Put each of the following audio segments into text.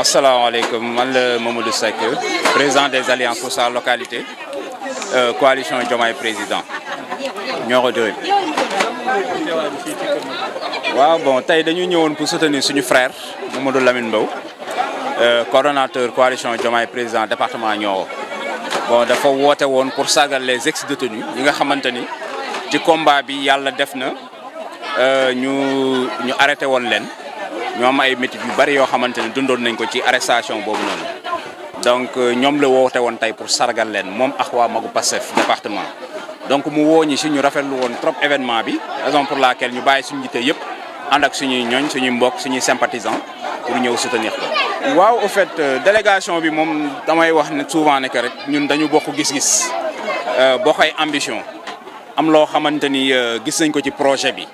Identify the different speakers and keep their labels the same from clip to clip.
Speaker 1: Assalamu alaikum, je la Mamadou Seck président des alliances pour sa localité euh, coalition Diomaye président Nous sommes waaw bon tey dañu pour soutenir suñu frère Mamadou Lamine euh, coordonnateur coalition Diomaye président département Nyoro bon dafa woote woon pour sargal les ex-détenus nous nga xamante ni combat bi avons def na euh, ñu ñu arrêté woon leen ñoo ay métit yu bari yoo xamante ne dundoon nañ ko ci arrestation boobu noonu donc euh, ñoom la woote woon tey pour sargal leen moom ak waa magu Pastef département donc mu woo ñi si ñu rafetlu woon trop événement bi raison pour laquelle ñu bàyyi suñu jité yëpp ànd ak suñuy ñooñ suñuy mbokk suñuy sympathisant pour ñëw soutenir ko. waaw au fait euh, délégation bi moom damay wax ne souvent ne que rek ñun dañu bokk gis-gis euh, bokk ay ambition am loo xamante ni gis nañ ko ci projet bi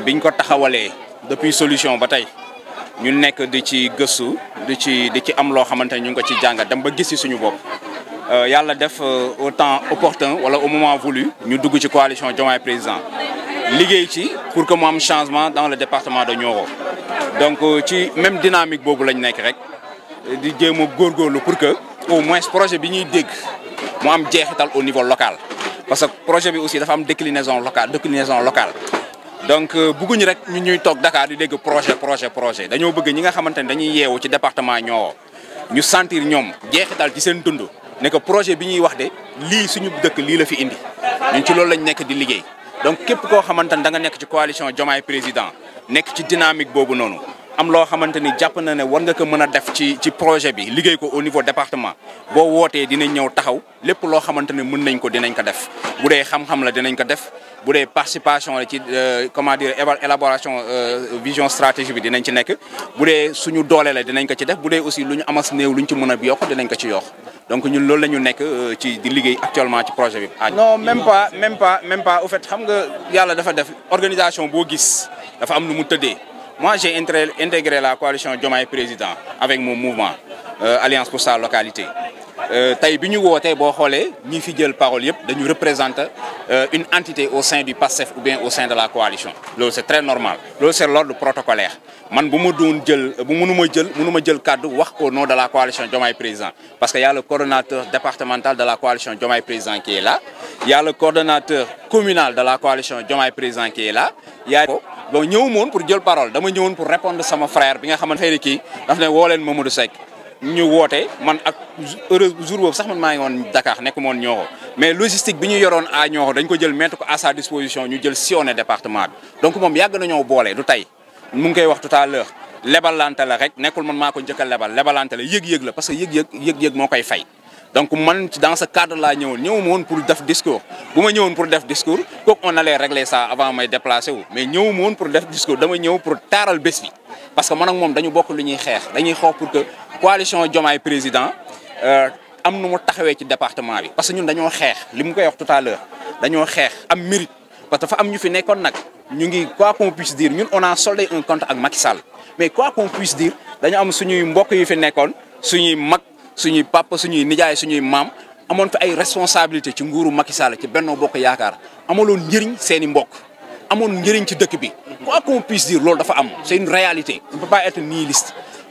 Speaker 1: biñ ko taxawalee depuis solution Bataille, ñu nek di ci geussu di ci di ci am lo xamanteni ñu ko ci dem ba gis ci suñu euh yalla def euh, au temps opportun wala au moment voulu Nous dugg ci coalition jomay Président liggéey ci pour que mo am changement dans le département de Nioro donc euh, ci même dynamique bobu lañ nek rek di pour que au moins projet bi ñuy dégg am au niveau local parce que projet bi aussi dafa am déclinaison locale déclinaison locale donc euh, bëgguñu rek ñu ñuy toog Dakar di dégg projet projet projet dañoo bëgg ñi nga xamante ne dañuy yeewu ci département Nioro ñu sentir ñoom jeexital ci seen dund ne projet bi ñuy wax de lii suñu dëkk lii la fi indi ñun ci loolu lañ nekk di liggéey donc képp koo xamante ne da nga nekk ci coalition Diomaye Président nekk ci dynamique boobu noonu am lo xamanteni japp na ne war nga ko mën def ci ci projet bi liggéey ko au niveau département bo woté dinañ ñëw taxaw lépp lo xamanteni ne mën nañ ko dinañ ko def budé xam-xam la dinañ ko def bu participation la ci euh, comment dire élaboration euh, vision stratégique bi dinañ ci nek bu suñu doole la dinañ ko ci def bu aussi luñu amass amas luñ ci mëna a yokk dinañ ko ci yox donc ñun loolu lañu nek euh, ci di liggéey actuellement ci projet bi. non même pas même pas même pas au fait xam nga yalla dafa def organisation bo gis dafa am lu mu tëddee moi j'ai intégré la coalition Diomaye Président avec mon mouvement Alliance pour sa localité. Euh, tey bi ñu wootee fi jël parole représente euh, une entité au sein du PASSEF ou bien au sein de la coalition c'est très normal c'est l'ordre protocolaire man bu peux doon jël bu au nom de la coalition Diomaye Président parce qu'il y a le coordonnateur départemental de la coalition Diomaye Président qui est là Il y a le coordonnateur communal de la coalition Diomaye Président qui est là a donc ñëw moon pour jël parole dama ñëwoon pour répondre sama frère bi nga xamante ne kii daf ne woo leen Mamadou Seck ñu woote man ak heureuse jour boobu sax man maa ngi Dakar mais logistique bi ñu yoroon à Nioro dañ ko jël mettre ko à sa disposition ñu jël sioné département bi donc moom yàgg nañoo bolé du tay mu ngi wax tout à l'heure lebalanté la rek nekul man mako jëkkal lebal lebalanté la yeg yeg la parce que yeg yeg yeg yeg, mo koy fay donc man dans ce cadre là ñëw ñëwuma woon pour def discours buma ma pour def discours ko on allait régler ça avant may déplacer wu mais ñëwuma woon pour def discours dama ñëw pour taral bés bi parce que man ak mom dañu bokk lu ñuy xex dañuy xox pour que coalition Diomaye président euh, am nous mu taxawee ci département bi parce que ñun dañoo xex li koy wax tout à l'heure dañoo xex am mérite parce que am ñu fi nekkoon nag ñu ngi quoi qu'on puisse dire ñun on a soldé un compte ak Macky Sall mais quoi qu'on puisse dire dañu am suñuy mbokk yu fi nekkoon suñuy mag suñuy papa suñuy nijaay suñuy mam amone fi ay responsabilité ci nguuru Macky Sall ci Benno Bokk yaakar amaloon njëriñ seeni mbokk amoon njëriñ ci dëkk bi quoi qu'on puisse dire loolu dafa am c'est une réalité on peut pas être nihiliste